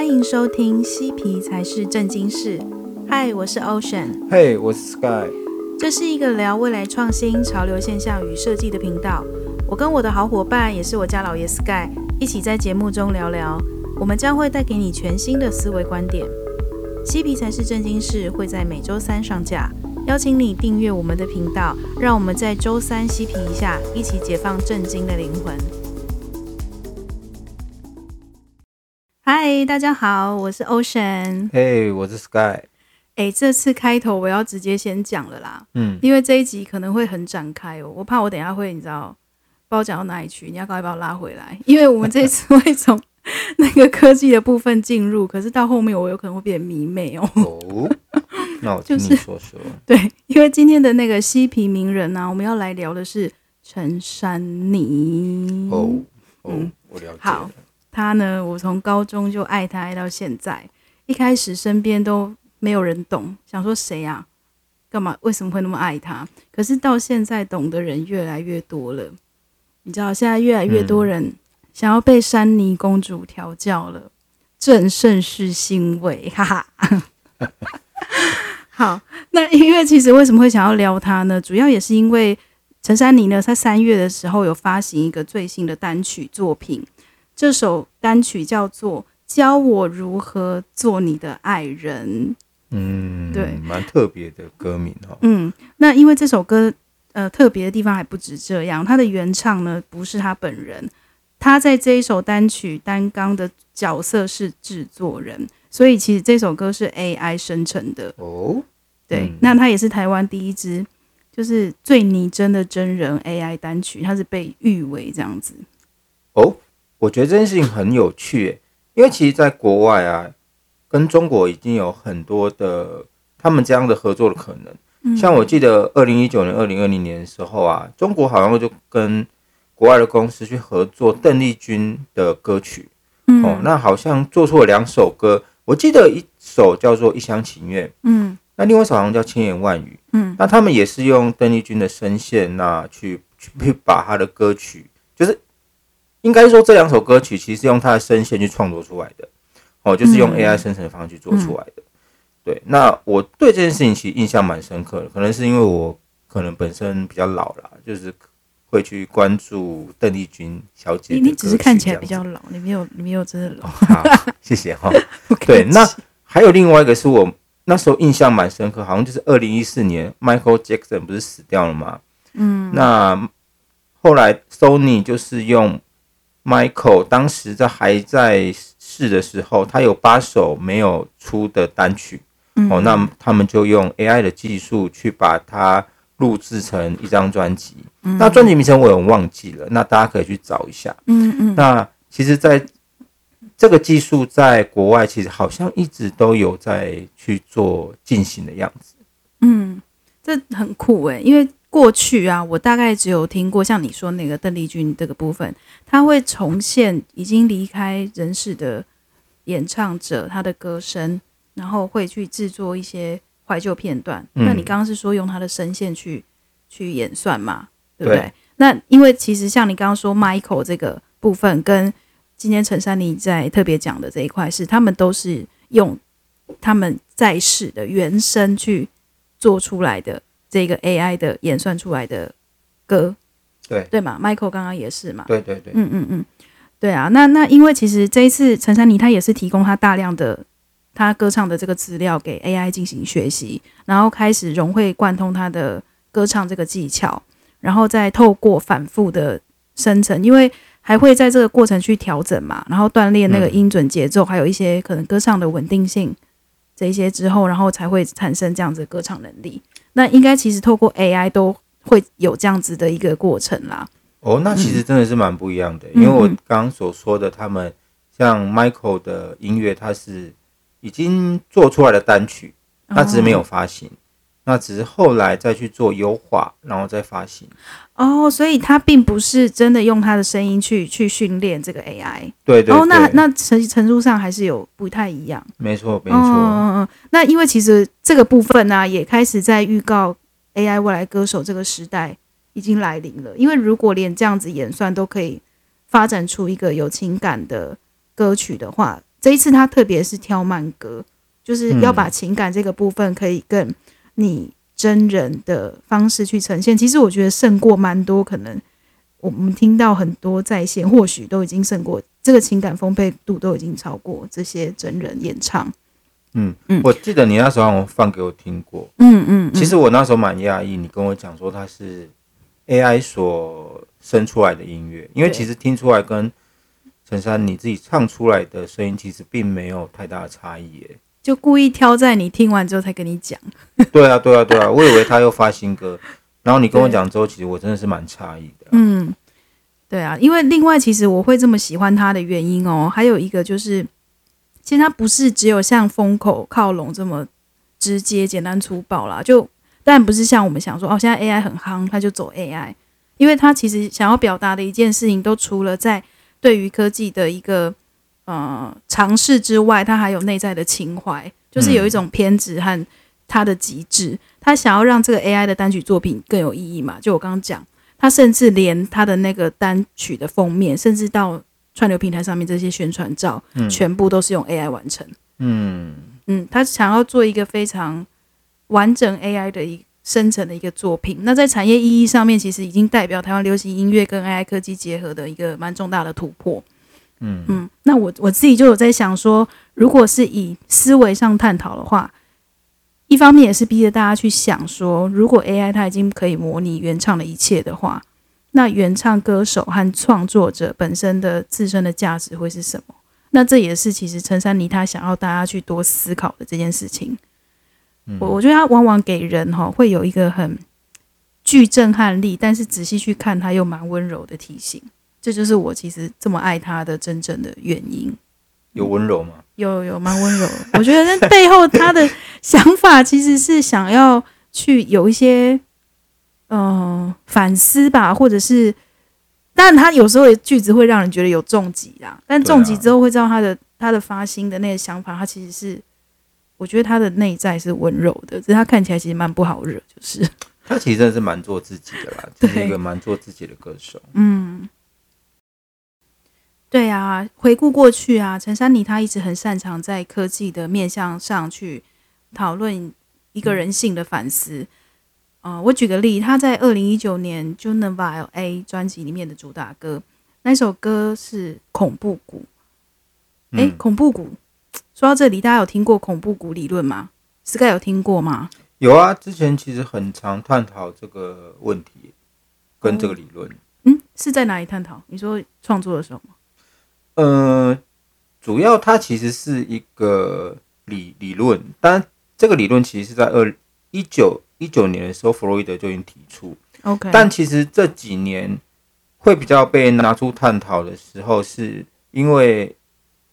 歡迎收聽《嬉皮才是正經事》。嗨，我是 Ocean。嘿，hey，我是 Sky。這是一個聊未來創新、潮流現象與設計的頻道。我跟我的好夥伴，也是我家老爺 Sky，一起在節目中聊聊，我們將會帶給你全新的思維觀點。嬉皮才是正經事，會在每週三上架。邀請你訂閱我們的頻道，讓我們在週三嬉皮一下，一起解放正經的靈魂。嗨，大家好，我是 Ocean。嘿、hey，我是 Sky。哎、欸，這次開頭我要直接先講了啦，嗯，因為這一集可能會很展開哦，我怕我等下會你知道，不知道講到哪裡去，你要趕快把我拉回來，因為我們這一次會從那個科技的部分進入， 可是到後面我有可能會變得迷妹哦。哦、oh?，那我聽說說 就是說說，對，因為今天的那個嬉皮名人呢、啊，我們要來聊的是陳珊妮。哦，哦，我了解了。好。他呢？我從高中就愛他，愛到現在。一開始身邊都沒有人懂，想說誰呀、啊？幹嘛？為什麼會那麼愛他？可是到現在懂的人越來越多了。你知道現在越來越多人想要被珊妮公主調教了，嗯、朕甚是欣慰，哈哈。好，那音樂其實為什麼會想要撩他呢？主要也是因為陳珊妮呢，在三月的時候有發行一個最新的單曲作品。這首單曲叫做《教我如何做你的愛人》，嗯，對，蠻特別的歌名哈、哦。嗯，那因為這首歌呃特別的地方還不止這樣，它的原唱呢不是他本人，他在這一首單曲擔綱的角色是製作人，所以其實這首歌是 AI 生成的哦。對，嗯、那他也是台灣第一支就是最擬真的真人 AI 單曲，它是被譽為這樣子哦。我覺得這件事情很有趣、欸，因為其實，在國外啊，跟中國已經有很多的他們這樣的合作的可能。嗯、像我記得二零一九年、二零二零年的時候啊，中國好像就跟國外的公司去合作鄧麗君的歌曲、嗯。哦，那好像做出了兩首歌，我記得一首叫做《一廂情願》，嗯，那另外一首好像叫《千言萬語》。嗯，那他們也是用鄧麗君的聲線、啊，那去去把他的歌曲，就是。應該說這兩首歌曲其實是用它的聲線去創作出來的，哦、喔，就是用 AI 生成的方式去做出來的、嗯。對，那我對這件事情其實印象蠻深刻的，可能是因為我可能本身比較老了，就是會去關注鄧麗君小姐。你你只是看起來比較老，你沒有你沒有真的老。喔、好謝謝哈、喔。 對，那還有另外一個是我那時候印象蠻深刻，好像就是二零一四年 Michael Jackson 不是死掉了嗎？嗯，那後來 Sony 就是用。Michael 當時在還在世的時候，他有八首沒有出的單曲、嗯，哦，那他們就用 AI 的技術去把它錄制成一張專輯。那專輯名稱我也忘記了，那大家可以去找一下。嗯嗯。那其實，在這個技術在國外，其實好像一直都有在去做進行的樣子。嗯，這很酷誒、欸，因為。過去啊，我大概只有聽過像你說那個鄧麗君這個部分，他會重現已經離開人世的演唱者他的歌聲，然後會去制作一些懷舊片段。嗯、那你剛剛是說用他的聲線去去演算嘛？對不對？對。那因為其實像你剛剛說 Michael 這個部分，跟今天陳珊妮在特別講的這一塊，是他們都是用他們在世的原聲去做出來的。這個 AI 的演算出來的歌，對對嘛，Michael 剛剛也是嘛，對對對，嗯嗯嗯，對啊，那那因為其實這一次陳珊妮她也是提供她大量的她歌唱的這個資料給 AI 進行學習，然後開始融會貫通她的歌唱這個技巧，然後再透過反覆的生成，因為還會在這個過程去調整嘛，然後鍛鍊那個音準、節奏、嗯，還有一些可能歌唱的穩定性這些之後，然後才會產生這樣子的歌唱能力。那應該其實透過 AI 都會有這樣子的一個過程啦。哦，那其實真的是蠻不一樣的，嗯、因為我剛剛所說的，他們像 Michael 的音樂，他是已經做出來的單曲，他只是沒有發行。嗯那只是後來再去做優化，然後再發行哦，所以他並不是真的用他的聲音去去訓練這個 AI。對對對。哦，那那程程度上還是有不太一樣。沒錯，沒錯。嗯嗯嗯。那因為其實這個部分呢、啊，也開始在預告 AI 未來歌手這個時代已經來臨了。因為如果連這樣子演算都可以發展出一個有情感的歌曲的話，這一次他特別是挑慢歌，就是要把情感這個部分可以更，嗯。你真人的方式去呈現，其實我覺得勝過蠻多。可能我們聽到很多在線，或許都已經勝過這個情感豐沛度，都已經超過這些真人演唱。嗯嗯，我記得你那時候放給我聽過。嗯嗯，嗯，嗯，其實我那時候蠻訝異，你跟我講說，它是 AI 所生出來的音樂，因為其實聽出來跟陳珊妮自己唱出來的聲音，其實並沒有太大的差異欸。就故意挑在你聽完之後才跟你講。 對啊，對啊，對啊！我以為他又發新歌， 然後你跟我講之後，其實我真的是蠻詫異的啊。嗯，對啊，因為另外其實我會這麼喜歡他的原因哦，還有一個就是，其實他不是只有像風口靠攏這麼直接、簡單、粗暴啦。就當然不是像我們想說哦，現在 AI 很夯，他就走 AI，因為他其實想要表達的一件事情，都除了在對於科技的一個。呃，嘗試之外，他還有內在的情懷，就是有一種偏執和他的極致。他、嗯、想要讓這個 AI 的單曲作品更有意義嘛，就我剛剛講，他甚至連他的那個單曲的封面，甚至到串流平台上面這些宣傳照、嗯，全部都是用 AI 完成。嗯嗯，他想要做一個非常完整 AI 的一生成的一個作品。那在產業意義上面，其實已經代表台灣流行音樂跟 AI 科技結合的一個蠻重大的突破。嗯嗯，那我我自己就有在想說，如果是以思維上探討的話，一方面也是逼着大家去想說，如果 AI 它已經可以模擬原唱的一切的話，那原唱歌手和創作者本身的自身的價值會是什麼？那這也是其實陳珊妮她想要大家去多思考的這件事情。我、嗯、我覺得他往往給人哈會有一個很具震撼力，但是仔細去看他又蠻溫柔的提醒。這就是我其實這麼愛他的真正的原因。有溫柔嗎？嗯、有有蠻溫柔。 我覺得那背後他的想法其實是想要去有一些嗯、呃、反思吧，或者是，但他有時候的句子會讓人覺得有重擊啊。但重擊之後會知道他的、啊、他的發心的那個想法，他其實是我覺得他的內在是溫柔的，所以他看起來其實蠻不好惹，就是他其實真的是蠻做自己的啦，就是一個蠻做自己的歌手。嗯。對啊，回顧過去啊，陳珊妮她一直很擅長在科技的面向上去討論一個人性的反思。啊、嗯呃，我舉個例，她在二零一九年《Juvenile A》專輯裡面的主打歌，那首歌是《恐怖谷》。哎、嗯，誒《恐怖谷》說到這裡，大家有聽過《恐怖谷》理論嗎？Sky 有聽過嗎？有啊，之前其實很常探討這個問題，跟這個理論。嗯，嗯是在哪裡探討？你說創作的時候嗎？嗯、呃，主要它其實是一個理理論，但這個理論其實是在二一九一九年的時候，弗洛伊德就已經提出。OK，但其實這幾年會比較被拿出探討的時候，是因為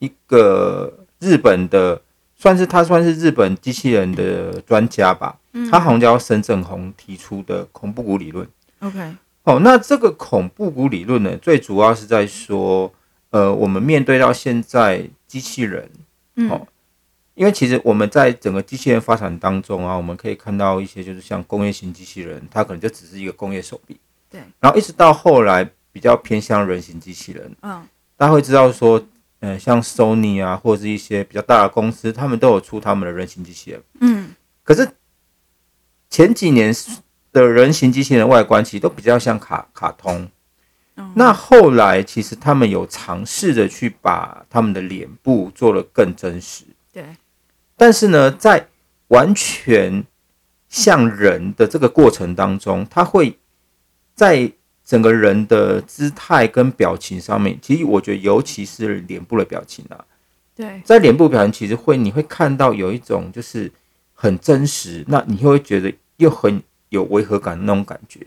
一個日本的，算是他算是日本機器人的專家吧、嗯，他好像叫沈正宏提出的恐怖谷理論。OK，好、哦，那這個恐怖谷理論呢，最主要是在說。呃，我們面對到現在機器人，哦、嗯，因為其實我們在整個機器人發展當中啊，我們可以看到一些就是像工業型機器人，它可能就只是一個工業手臂。對。然後一直到後來比較偏向人形機器人，嗯，大家會知道說，嗯、呃，像 Sony 啊，或者是一些比較大的公司，他們都有出他們的人形機器人，嗯。可是前幾年的人形機器人的外觀其實都比較像卡卡通。那後來，其實他們有嘗試着去把他們的臉部做得更真實。對。但是呢，在完全像人的這個過程當中，他會，在整個人的姿態跟表情上面，其實我覺得，尤其是臉部的表情啊，對，在臉部表情其實會，你會看到有一種就是很真實，那你會覺得又很有違和感的那種感覺。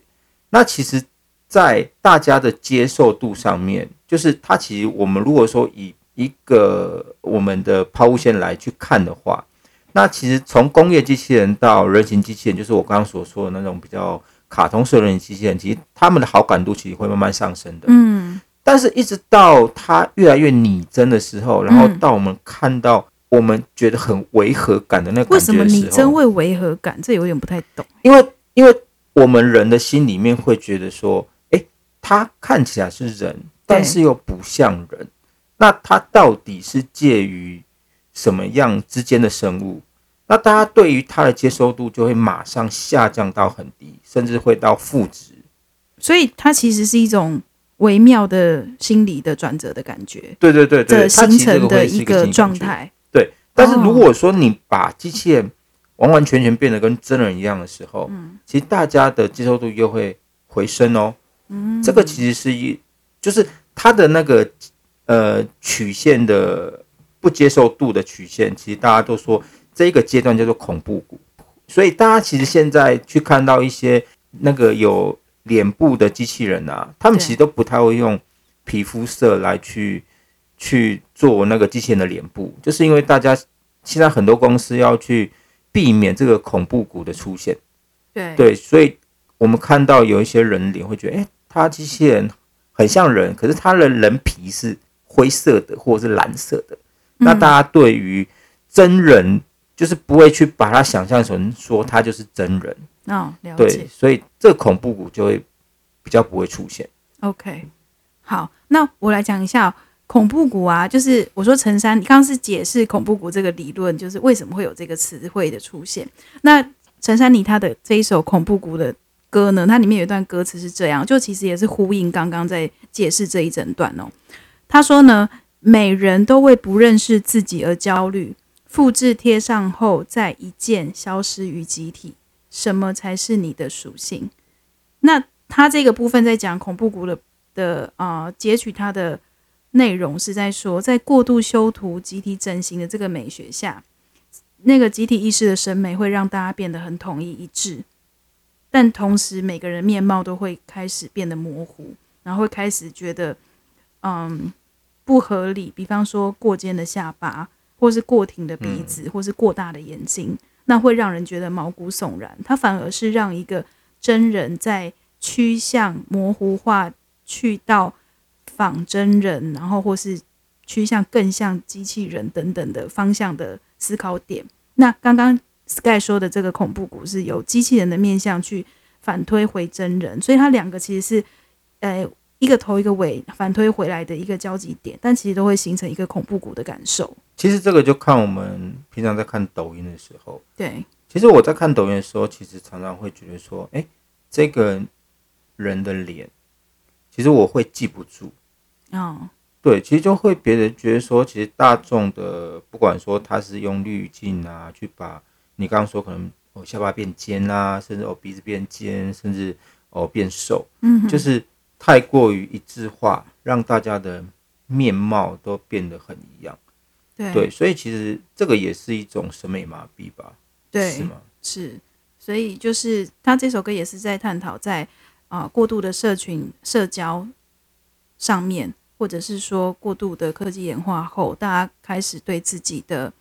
那其實。在大家的接受度上面，就是它其實我們如果說以一個我們的拋物線來去看的話，那其實從工業機器人到人形機器人，就是我剛剛所說的那種比較卡通式的人形機器人，其實他們的好感度其實會慢慢上升的。嗯，但是一直到它越來越擬真的時候，然後到我們看到我們覺得很違和感的那個感覺的時候，為什麼擬真會違和感？這有點不太懂。因為因為我們人的心裡面會覺得說，它看起來是人，但是又不像人，那它到底是介於什麼樣之間的生物？那大家對於它的接受度就會馬上下降到很低，甚至會到負值。所以它其實是一種微妙的心理的轉折的感覺。對對對對，它形成的一個狀態。對，但是如果說你把機器人完完全全變得跟真人一樣的時候，嗯，其實大家的接受度又會回升哦。這個其實是一，就是它的那個呃曲線的不接受度的曲線，其實大家都說這一個階段叫做恐怖谷，所以大家其實現在去看到一些那個有臉部的機器人啊，他們其實都不太會用皮膚色來去去做那個機器人的臉部，就是因為大家現在很多公司要去避免這個恐怖谷的出現。對對，所以我們看到有一些人臉會覺得，誒。他機器人很像人，可是他的人皮是灰色的或者是藍色的。那大家對於真人、嗯，就是不會去把它想象成說他就是真人。哦。了解，對，所以這恐怖谷就會比較不會出現。OK，好，那我來講一下、喔、恐怖谷啊，就是我說陳珊妮剛剛是解釋恐怖谷這個理論，就是為什麼會有這個詞彙的出現。那陳珊妮他的這一首恐怖谷的歌呢，它裡面有一段歌詞是這樣，就其實也是呼應剛剛在解釋這一整段哦。他說呢，每人都為不認識自己而焦慮，複製貼上後，再一鍵消失於集體。什麼才是你的屬性？那他這個部分在講恐怖谷的的啊，呃，截取它的內容是在說，在過度修圖、集體整形的這個美學下，那個集體意識的審美會讓大家變得很統一一致。但同時，每個人面貌都會開始變得模糊，然後會開始覺得，嗯，不合理。比方說過尖的下巴，或是過挺的鼻子，或是過大的眼睛，嗯，那會讓人覺得毛骨悚然。它反而是讓一個真人在趨向模糊化，去到仿真人，然後或是趨向更像機器人等等的方向的思考點。那剛剛。Sky 說的這個恐怖谷，是由機器人的面相去反推回真人，所以它兩個其實是，呃，一個頭一個尾反推回來的一個交集點，但其實都會形成一個恐怖谷的感受。其實這個就看我們平常在看抖音的時候，對，其實我在看抖音的時候，其實常常會覺得說，誒、欸，這個人的臉，其實我會記不住。哦，對，其實就會別人覺得說，其實大眾的不管說他是用濾鏡啊，去把你剛剛說可能哦，下巴變尖啊，甚至哦，鼻子變尖，甚至哦，變瘦，嗯，就是太過於一致化，讓大家的面貌都變得很一樣，對，對所以其實這個也是一種審美麻痹吧，對，是嗎？是，所以就是他這首歌也是在探討在啊、呃、過度的社群社交上面，或者是說過度的科技演化後，大家開始對自己的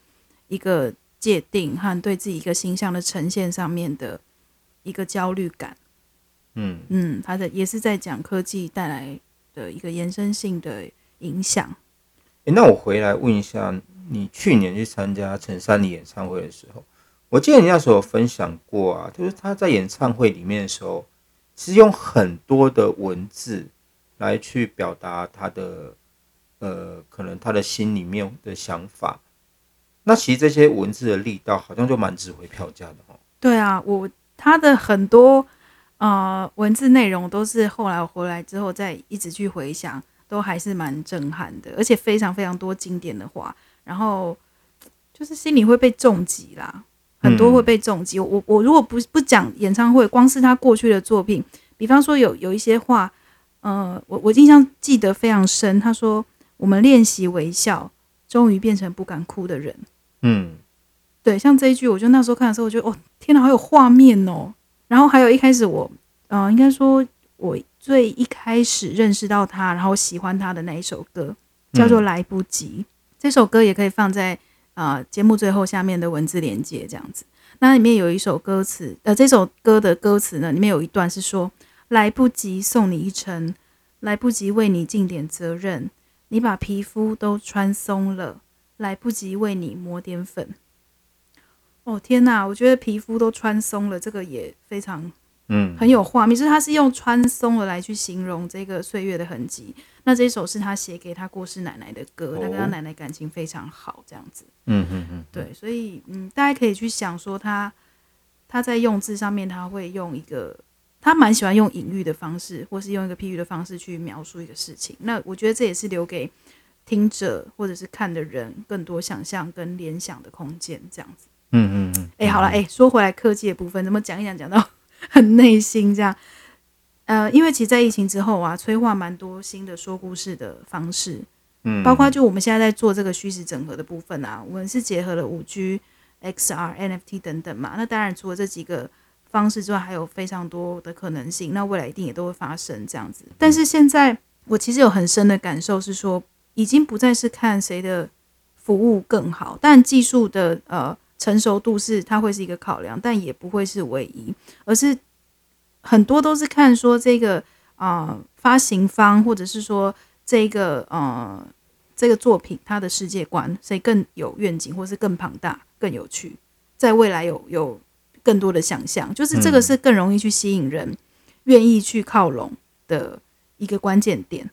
一個。界定和對自己一個形象的呈現上面的一個焦慮感，嗯嗯，他的也是在講科技帶來的一個延伸性的影響。誒、欸，那我回來問一下，你去年去參加陳珊妮演唱會的時候，我記得你那時候分享過啊，就是他在演唱會裡面的時候，其實用很多的文字來去表達他的呃，可能他的心裡面的想法。他其實這些文字的力道好像就蠻值回票價的哦。對啊，我他的很多啊、呃、文字內容都是後來我回來之後再一直去回想，都還是蠻震撼的，而且非常非常多經典的話，然後就是心裡會被重擊啦，很多會被重擊、嗯。我我如果不不講演唱會，光是他過去的作品，比方說有有一些話，嗯、呃，我我印象記得非常深。他說：“我們練習微笑，終於變成不敢哭的人。”嗯，對，像這一句，我就那時候看的時候，我覺得哦，天哪，好有畫面哦。然後還有一開始我，呃，應該說我最一開始認識到他，然後喜歡他的那一首歌，叫做《來不及》。嗯、這首歌也可以放在啊、呃、節目最後下面的文字連結這樣子。那裡面有一首歌詞，呃，這首歌的歌詞呢，裡面有一段是說：“來不及送你一程，來不及為你盡點責任，你把皮膚都穿鬆了。”來不及為你抹點粉，哦天哪，我覺得皮膚都穿鬆了。這個也非常，嗯，很有畫面，就、嗯、是他是用穿鬆了來去形容這個歲月的痕迹。那這一首是他寫給他過世奶奶的歌，哦，他跟他奶奶感情非常好，這樣子，嗯嗯嗯，對，所以嗯，大家可以去想說他他在用字上面，他會用一個他蠻喜歡用隱喻的方式，或是用一個譬喻的方式去描述一個事情。那我覺得這也是留給。聽者或者是看的人更多想象跟聯想的空間，這樣子，嗯嗯誒，哎，好了，哎、欸，說回來科技的部分，怎麼講一講，講到很內心這樣，呃，因為其實，在疫情之後啊，催化蠻多新的說故事的方式，嗯，嗯，包括就我們現在在做這個虛實整合的部分啊，我們是結合了五 G、XR、NFT 等等嘛，那當然除了這幾個方式之外，還有非常多的可能性，那未來一定也都會發生這樣子。但是現在我其實有很深的感受是說。已經不再是看誰的服務更好，但技術的呃成熟度是它會是一個考量，但也不會是唯一，而是很多都是看說這個啊、呃、發行方，或者是說這個呃這個作品它的世界觀，誰更有願景，或是更龐大、更有趣，在未來有有更多的想象，就是這個是更容易去吸引人願意去靠攏的一個關鍵點。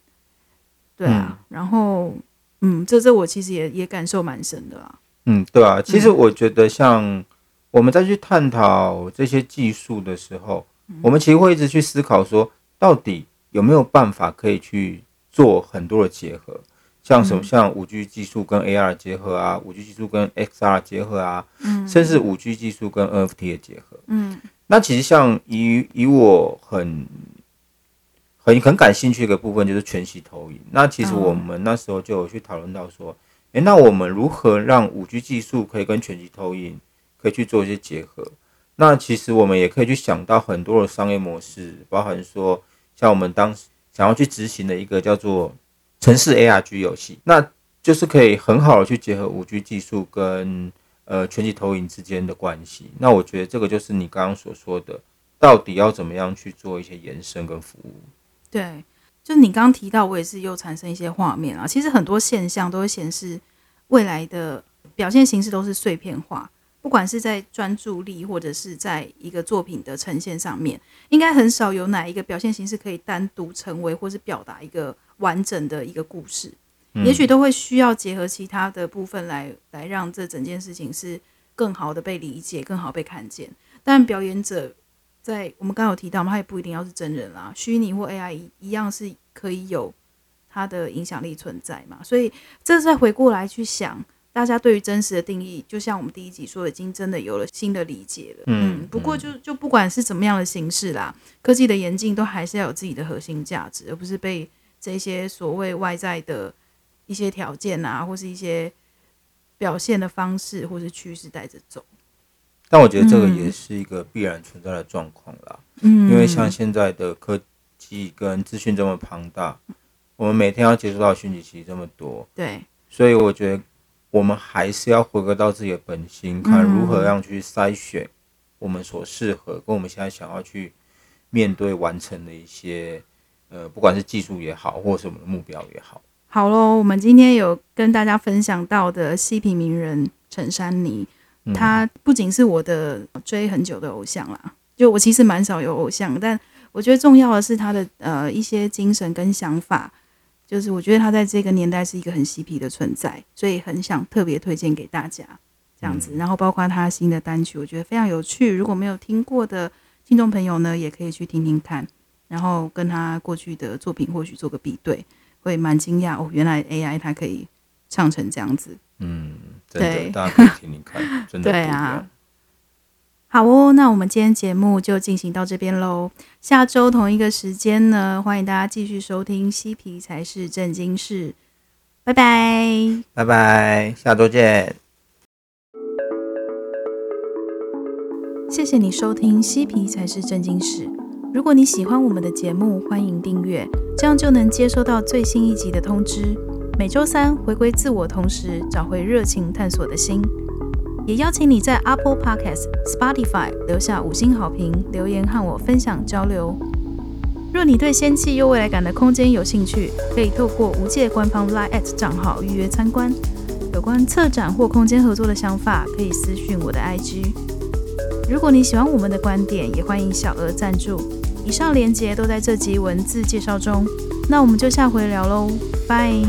對啊、嗯，然後，嗯，這這我其實也也感受蠻深的啊。嗯，對啊，其實我覺得像我們在去探討這些技術的時候，嗯、我們其實會一直去思考說，到底有沒有辦法可以去做很多的結合，像什麼、嗯、像五 G 技術跟 AR 結合啊，五 G 技術跟 XR 結合啊，嗯，甚至五 G 技術跟 NFT 的結合，嗯，那其實像以以我很。很很感興趣的一個部分就是全息投影。那其實我們那時候就有去討論到說，誒、欸，那我們如何讓五 G 技術可以跟全息投影可以去做一些結合？那其實我們也可以去想到很多的商業模式，包含說像我們當時想要去執行的一個叫做城市 ARG 遊戲，那就是可以很好的去結合五 G 技術跟呃全息投影之間的關係。那我覺得這個就是你剛剛所說的，到底要怎麼樣去做一些延伸跟服務？對，就你剛剛提到，我也是又產生一些畫面啊。其實很多現象都會顯示，未來的表現形式都是碎片化，不管是在專注力，或者是在一個作品的呈現上面，應該很少有哪一個表現形式可以單獨成為或者表達一個完整的一個故事。嗯。也許都會需要結合其他的部分來來讓這整件事情是更好的被理解，更好被看見。但表演者。在我們剛剛有提到他它也不一定要是真人啦，虛擬或 AI 一樣是可以有它的影響力存在嘛。所以這是再回過來去想，大家對於真實的定義，就像我們第一集說的，已經真的有了新的理解了。嗯，嗯不過就就不管是怎麼樣的形式啦，科技的演進都還是要有自己的核心價值，而不是被這些所謂外在的一些條件啊，或是一些表現的方式或是趨勢帶着走。但我覺得這個也是一個必然存在的狀況啦，嗯，因為像現在的科技跟資訊這麼龐大，嗯，我們每天要接觸到訊息其實這麼多，對，所以我覺得我們還是要回歸到自己的本心，看如何讓去篩選我們所適合，嗯、跟我們現在想要去面對完成的一些，呃，不管是技術也好，或是我們的目標也好。好嘍，我們今天有跟大家分享到的嬉皮名人陳珊妮，他不僅是我的追很久的偶像啦，就我其實蠻少有偶像，但我覺得重要的是他的呃一些精神跟想法，就是我覺得他在這個年代是一個很嬉皮的存在，所以很想特別推薦給大家這樣子。嗯、然後包括他新的單曲，我覺得非常有趣。如果沒有聽過的聽眾朋友呢，也可以去聽聽看，然後跟他過去的作品或許做個比對，會蠻驚訝哦。原來 AI 他可以唱成這樣子，嗯。對，大家可以聽聽看，真的 對啊。好哦，那我們今天節目就進行到這邊嘍。下周同一個時間呢，歡迎大家繼續收聽《嬉皮才是正經事》。拜拜，拜拜，下周見。謝謝你收聽《嬉皮才是正經事》。如果你喜歡我們的節目，歡迎訂閱，這樣就能接收到最新一集的通知。每週三回歸自我，同時找回熱情探索的心，也邀請你在 Apple Podcast、Spotify 留下五星好評留言和我分享交流。若你對仙氣又未來感的空間有興趣，可以透過無界官方 Line@ 賬號預約參觀。有關策展或空間合作的想法，可以私訊我的 IG。如果你喜歡我們的觀點，也歡迎小額贊助。以上鏈接都在這集文字介紹中。那我們就下回聊嘍，拜。